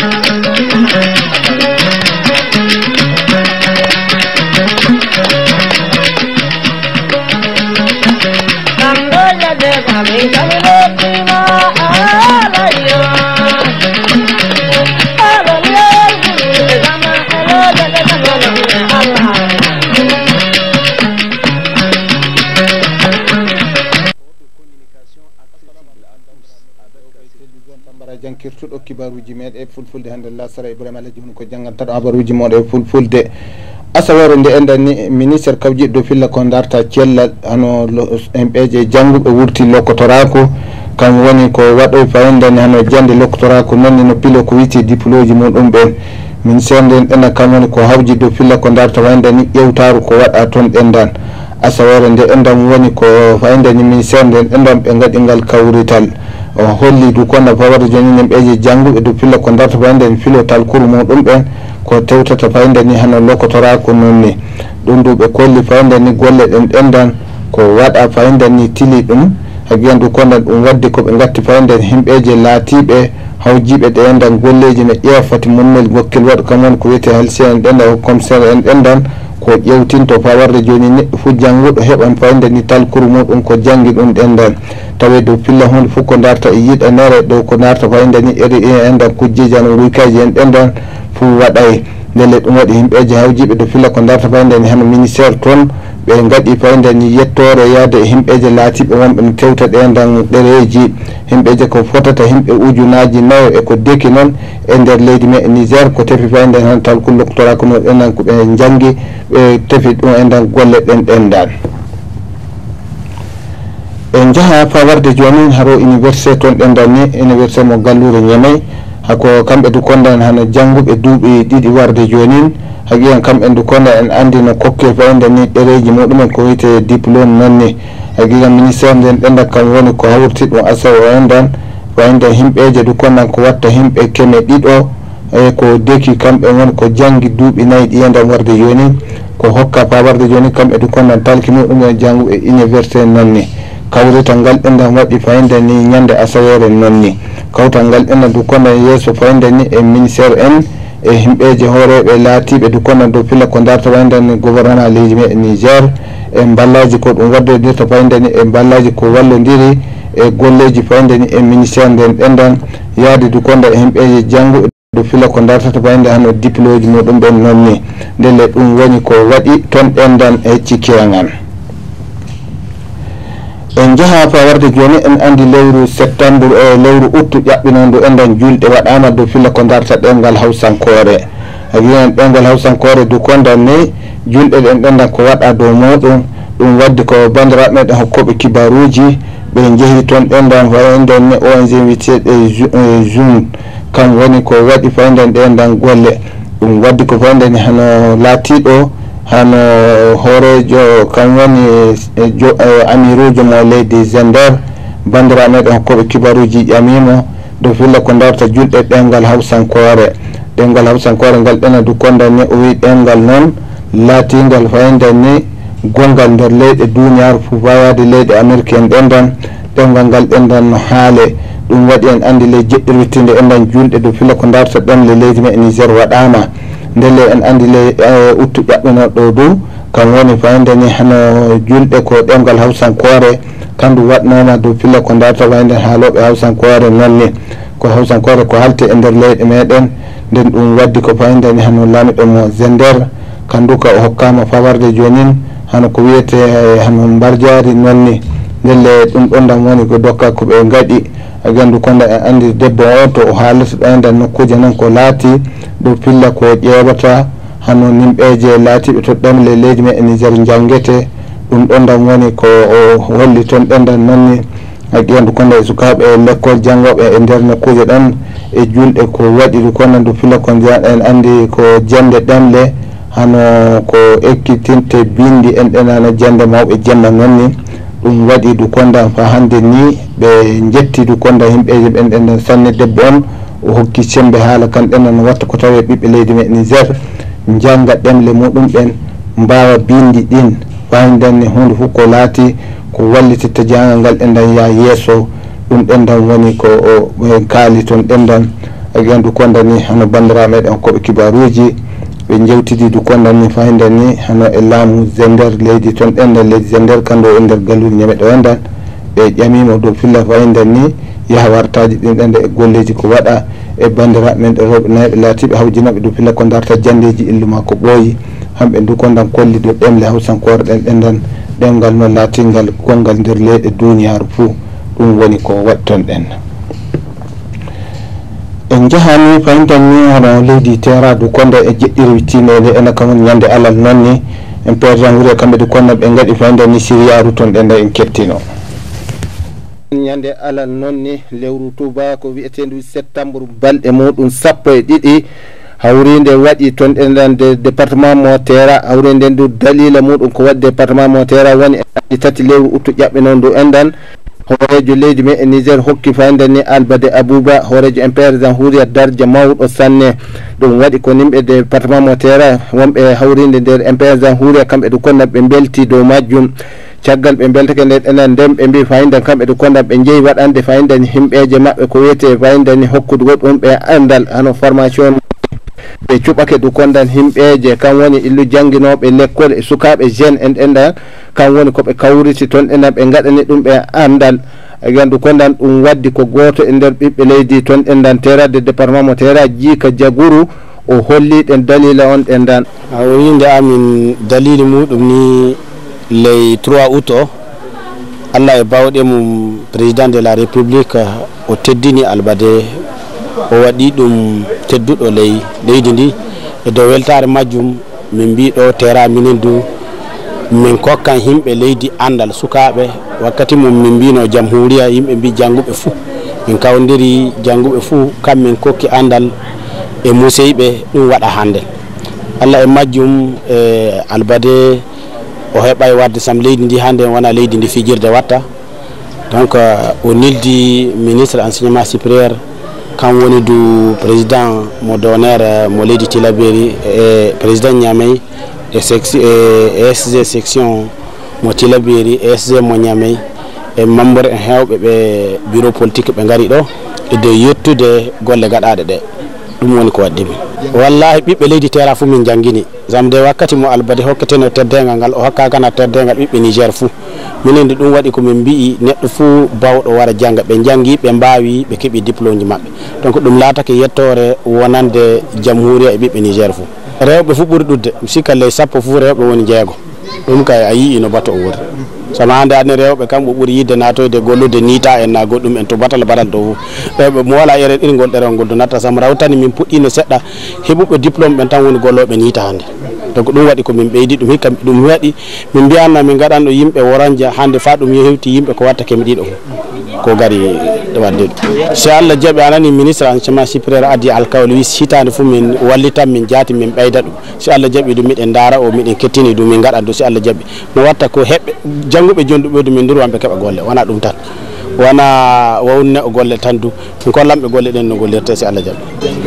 Gracias. kirtuɗo kibaruji meɗe fulfulde hande lasara ibrahima alaji hon ko jangantaɗo habaruji moɗo e fulfulde asaware nde endanni ministére kawjiɗo do filla ko darta cellal hano mpeje janguɓe wurti lokkotorako kam woni ko waɗo fawidani hano jande lokkotorako nonni no pilo ko witi diplo ji muɗum ɓen min sernden ɗena kam woni ko hawji do filla ko darta wayidani ƴewtaru ko waɗa toon ɗendan asaware nde endam woni ko fayidani min sernden ɗendan ɓe gaɗi ngal kawrital o holli du konno fawata joni nimɓeji jangguɓe du pilla ko darta payde ni filo talkuru muɗum ɓen ko tewtata payde ni hano lokotora ko nonni ɗum du ɓe kolli payde ni golle ɗen ɗendan ko waɗa payde ni tili ɗum hagiyan du konno ɗum waddi koɓe gatti payde himɓeji laatiɓe hawjiɓe ɗe endan golleji ne ƴeewa fati munmel gokkil waɗ kamon ko wiyete halsi en ɗendan comsére en ɗendan ko ƴewtinto pawarde joni neɗɗo fo janguɗo heɓan fayde ni talkuru muɗum ko jangi ɗum ɗenndan tawi dow pilla hunde fof ko darta e yiɗa nare ɗo ko darta fayde ni eri e enɗan kujjeji an rukaji en ɗenɗan fo waɗay ndele ɗum waɗi yimɓeji hawjiɓe dow filla ko darta fayde ni hano ministére toon ɓe gaɗi fayde ni yettore yaade e himɓeje laatiɓe wonɓe no tewta ɗe ndan ɗereji himɓeje ko fotata himɓe ujunaji nayo eko deki noon e nder leydi me e niger ko tefi fayde han taw kullokotora ko noon ɗenan koɓe janggi ɓe tefi ɗum e ndan golle ɗen ɗendan en jaaha fawarde joni haro université toon ɗendan ni université mo gallure ñamay hako kamɓe du konda en hano janguɓe duuɓi ɗiɗi warde jonin ha ƴiyan kamɓe du konda en andi no kokke fayde ni ɗereji muɗumen ko wiyte diplôme nonni ha ƴiyan ministére nden ɗendat kam woni ko hawrti ɗum asaw waydan waydan himɓeje du kondan ko watta himɓe keme ɗiɗo eyi ko deki kamɓe woni ko janggi duuɓi nayyi ɗiyenden warde jonin ko hokka fa warde joni kamɓe du kondan talki muɗumen janguɓe université nonni kawrita ngal ɗenda waɗi fayinde ni ñande asawere noon ni kawtal ngal ɗenda dukkona yeeso fayinde ni e ministére en e himɓeje hooreɓe laatiɓe dukkona dow fila ko darta fayinde ni gouvernement leydi me e niger e ballaji ko ɗum waddodirta fayinde ni e ballaji ko wallodiri e golleji fayinde ni e ministére nden ɗendan yaade dukkonda e himɓeje janggu do fila ko dartata fayinde hano diplôji muɗum ɓen noon ni ndele ɗum woni ko waɗi toon ɗendan e cikkiragan en jaha fa warde joni en andi lewru septembre e lewru outu ƴaɓɓinondu enɗen julɗe waɗama do filla ko darta ɗengal hawsankore a wiyan ɗengal hawsankore du condamné julɗe ɗen ɗendan ko waɗa dow muɗum ɗum waddi ko bandiraɓe meɗen hokkoɓe kibaruji ɓe jeehi toon ɗendan waynden ong witeɗe zun e kam woni ko waɗi fayden ɗendan golle ɗum waddi ko fayden hano laatiɗo han hoorejo kam woni e e amirujo mo leydi zender bandira meɗen hokkoɓe kibaruji ƴamimo ɗo filla ko darta julɗe ɗengal hawsankore ɗengal hawsankore ngal ɗena dukkondan ni o wi ɗengal noon laatingal fayiden ni gongal nder leyɗe duniyaru fo fawade leyɗe amérique en ɗendan ɗengal ngal ɗendan no haale ɗum waɗi en andi ley jeɗɗirwittinde enɗan julɗe ɗo filla ko darta ɗemle leydi me e nigér waɗama ndele en andi le eh, uttu ƴaɓɓino ɗo dow kam woni fayndeni hano julɗe ko ɗemgal hawsankoore kandu waɗnoma dow filla ko darta wayde haaloɓe hawsankoore nonni ko hawsankoore ko halte e nder leyɗe meɗen nden ɗum waddi ko fayndeni hano lamiɗo mo zender kandu ka o hokkama fawarde jonin hano ko wiyete eh, hano mbarjaari nonni ndelle ɗum ɗondam woni ko dokka koɓe gaɗi gandu konda e andi debbo o to o haalata ɗayndan nokkuji noon ko laati dow pilla ko ƴeeɓata hano nimɓeje laatiɓe to ɗemle leydi men e niger jangete ɗum ɗon dan woni ko holli toon ɗen nanni nonni ƴeendu konda e sukaɓe lekkol janngoɓe e nder nokkuuje ɗan e julɗe ko waɗiri kono do pilla ko en anndi ko jannde ɗemle hano ko ekkitinte bindi en ɗenano jannde mawɓe jenna noon ni ɗum waɗi du konda fa hannde ni ɓe jetti du konda himɓeje ɓen ɗen sanne debbo on o hokki sembe haala kamɓen nana watta ko tawi ɓiɓɓe leydi me niger janga ɗemle muɗum ɓen mbawa bindi ɗin wawidenne hunde fof ko laati ko wallititta jangal ngal ɗenɗan ya yesso ɗum ɗenɗan woni ko kaali toon ɗenɗan aɗi andu kondani hono bandira meɗen koɓe kibaruji ɓe jewtidi du kondani fayidenni hono e laamu zender leydi toon ɗenɗan leydi zender kando e nder galluɗi ñameɗo endan ɓe ƴamimo dow filla fayidenni yaha wartaji ɗin ɗande e golleji ko waɗa e bandira men ɗo rewɓe nayaɓe laatiɓe hawjinaɓe du pila ko darta jandeji illu ma ko ɓooyi hamɓe dukondan kolli ɗo ɗemle hawsankore ɗen ɗendan ɗemgal noon laatingal gongal nder leyɗe duniyaru fou ɗum woni ko waɗton ɗen en jahani fayintan ni hono leydi tera du konda e jeɗɗiri wittinoni ena kamon ñande alal noon ni en perdan wuure kamɓe du konnaɓe gaɗi fayintan ni siriyaru ton ɗenda en kettino ñande alal noon ni lewru touba ko wiyetendu septembre balɗe muɗum sappo e ɗiɗi hawrinde waɗi ton ɗenɗande département mo terra hawri nden du dalila muɗum ko waɗi département mo terra woni e ɗi tati lewru uttu ƴaɓɓe noon du endan horejo leydi me e niger hokki fayde ni albade abouba horejo imperisan huriya darja mawɗo sanne ɗum waɗi ko nimɓe département mo terra wonɓe hawrinde nder imperisan huriya kamɓe du konnaɓe ɓe belti dow majjum caggal ɓe beltake nde ɗenan nden ɓe mbi fayidan kamɓe to kondam ɓe jeeyi waɗande fayidani himɓeje mabɓe ko wiyete fayidani hokkude goɗɗum ɓe andal hano formation ɓe cuɓake du kondan himɓeje kam woni illu jangguinoɓe lekkole e sukaɓe jeune en ɗendan kam woni koɓe kawriti toon ɗenan ɓe gaɗani ɗum ɓe andal egan du kondan ɗum waddi ko goto e nder ɓiɓɓe leydi toon ɗendan terade département mo tera jiika jaguru o holliɗen dalila on ɗendan awinde amin dalili muɗum ni ley 3 août o allah e bawɗe mum président de la république o teddini albade o waɗi ɗum tedduɗo ley leydi ndi e dow weltare majjum min mbiɗo terra minen du min kokkan himɓe leydi andal sukaɓe wakkati mum min mbino jaam huriya yimɓe mbi janguɓe fou min kawdiri janguɓe fou kammin kokki andal e museyɓe ɗum waɗa hannden allah e majjum e albade o heɓay wadde leydi ndi leydi ndi donc euh, o nildi ministre enseignement supérieur du président mo donnaire euh, mo leydi e président ñamey e sg e, e section mo tilaberi sg mo ñamey membre bureau politique ɓe gari ɗo monde yettude golle de ɗe woni wallahi ɓiɓɓe leydi terra fuu min jangini jam de wakkati mo albade hokketeno teddegal ngal o hokkaka na teddegal ɓiɓɓe nigér fuu minen de ɗum waɗi komin mbi'i neɗɗo fuu bawɗo wara jangga ɓe jangi ɓe mbawi ɓe keeɓi diplôme ji mabɓe donc ɗum laatake yettore wonande jamhuria e ɓiɓɓe nigér fuu rewɓe fuu ɓuuri ɗudde sikkalley sappo fuu rewɓe woni jeego ɗum kay a yii no bato o wori sono hannde anne rewɓe kamɓe ɓuri yidde natoyde gollude nita en na goɗɗum en to batal baɗal dow ɓeɓe moola eren iri gol ɗerewol ngol do natta sam rawtani min puɗɗino seɗɗa heɓuɓe diplôme ɓen tan woni golloɓe nita hannde donc ɗum waɗi komin ɓeydi ɗum hikka ɗum waɗi min mbiyanna min gaɗanɗo yimɓe woranja hannde fa ɗum hewti yimɓe ko watta kemi ɗiɗo ko gari wawde wadde ɗum so allah jooɓe anani ministre enchement supérieur adi alkawle wi hitande fof min wallitan min jaati min ɓeyda ɗum so allah jaɓi ɗum miɗen daara o miɗen kettini ɗum min gaɗan du so allah jaɓi mo watta ko heɓɓe jangguɓe jondu ɓeydu min duruwanɓe keeɓa golle wona ɗum tan wona wawnne o golle tan du kollanɓe golle ɗen no gollirte si allah jaɓi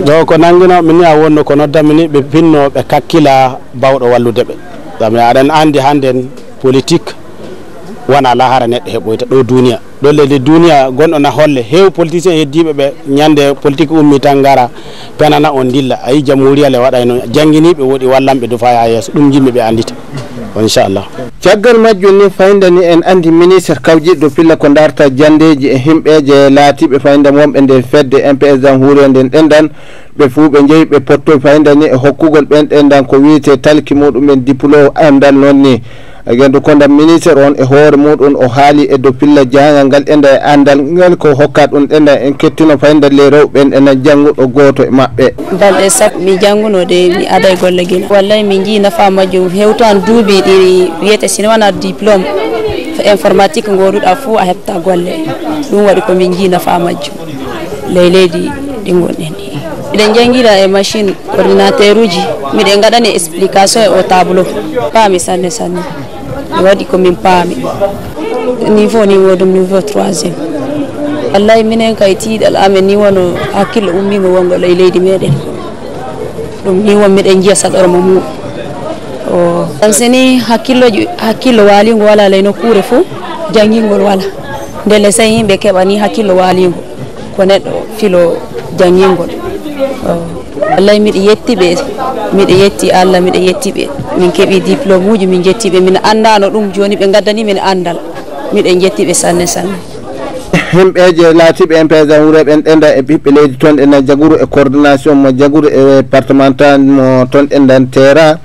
ɗo ko nangguino minni a wonno ko noddamini ɓe pinnoɓe kakkila bawɗo walludeɓe ɗamin aɗen andi hannden politique wona lahara neɗɗo heɓoyta ɗo duniya ɗo leydi duniya gonɗo na holle heewi politicien heddiɓe ɓe ñande politique ummi tan gara penana on dilla ayi jamhuriyale waɗayno jangguiniɓe woɗi wallanɓe dofa ha yesso ɗum jimɓeɓe andita inchallah caggal majjum ni faydani en andi ministre kawjiɗɗo pilla ko darta jandeji e himɓeje laatiɓe fayda wonɓe nde fedde mps dan huuro e nden ɗen dan ɓe fuu ɓe jeyi ɓe pottoy fayida ni e hokkugol ɓen ɗenɗan ko wiyete talki muɗumen diplo andal noon ni gendu kondam ministére on e hoore muɗum o haali e dopilla jangal ngal ɗenda e andal ngal ko hokka ɗum ɗenda en kettino fayida le rewɓen ena janguɗo goto e maɓɓe balɗe sappo mi jangunoɗe mi ada e golle guila wallay min jii nafa majjum hewtan duuɓi ɗi wiyete sine wona diplôme informatique goruɗa fuu a heɓta golle ɗum waɗi komin jii nafa majjum ley leydi ɗi gonɗen ɗi Miɗen jangira e machine ordinateur uji miɗen gaɗani explication e o tableau paami sanne sanne mi waɗi min paami niveau ni woɗum niveau troisiéme wallahi minen kay tiiɗal amen ni wono hakkille ummima wongol e leydi meɗen ɗum ni won miɗen jiya saɗormo mu o tan sini hakkilloji hakkillo ngo wala lay nokkure fo jangingol wala ndele sen yimɓe keɓa hakkillo walingo ko neɗɗo filo jangingol Oh. wallay miɗo yetti ɓe miɗo yetti allah miɗo yetti ɓe min keeɓi diplôme uji min jetti ɓe min anndano ɗum joni ɓe gaddani min anndal miɗo jetti ɓe sanne sanne himɓeje naatiɓe impésant wuuro ɓen ɗenda e ɓiɓɓe leydi toon ɗena jaguru e coordination mo jaguru e départemental mo toon ɗendan terrain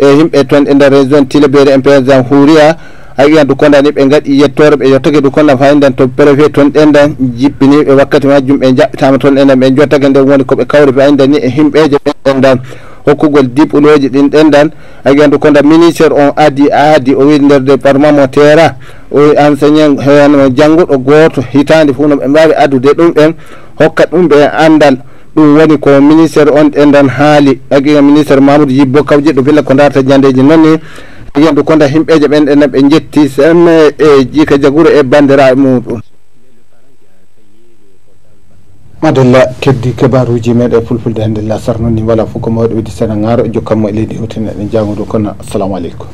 e himɓe toon ɗe nder région tileɓeri impésant huuriya a wiyan du kondani ɓe gaɗi yettore ɓe yettoke du kondam fayidan to prévé toon ɗendan jiɓɓini ɓe wakkati majum ɓe jaɓɓitama toon ɗendan ɓe jottake nden woni koɓe kawri fayidan ni e himɓeje ɓe ɗendan hokkugol diploji ɗin ɗendan a wiyan du konda ministére on adi aadi o wii nder département mo terra o enseignant heeno janggoɗo goto hitande fof no ɓe mbawi addude ɗum ɓen hokka ɗum ɓe andal ɗum woni ko ministére on ɗendan haali a wiya ministére mamoudou yibbo kawjiɗo villa ko darta jandeji noon ni yandu konda himɓeje ɓen ɗenne ɓe jetti sem e, e jiika jaguro e bandiraɓe muɗum madalla keddi kabaruji meɗe fulfulde handillah sar noon ni wala foof ko mawɗo wiidi sena gaaro jokkatmo e leydi hewtineɗen jamaɗo kono assalamu aleykum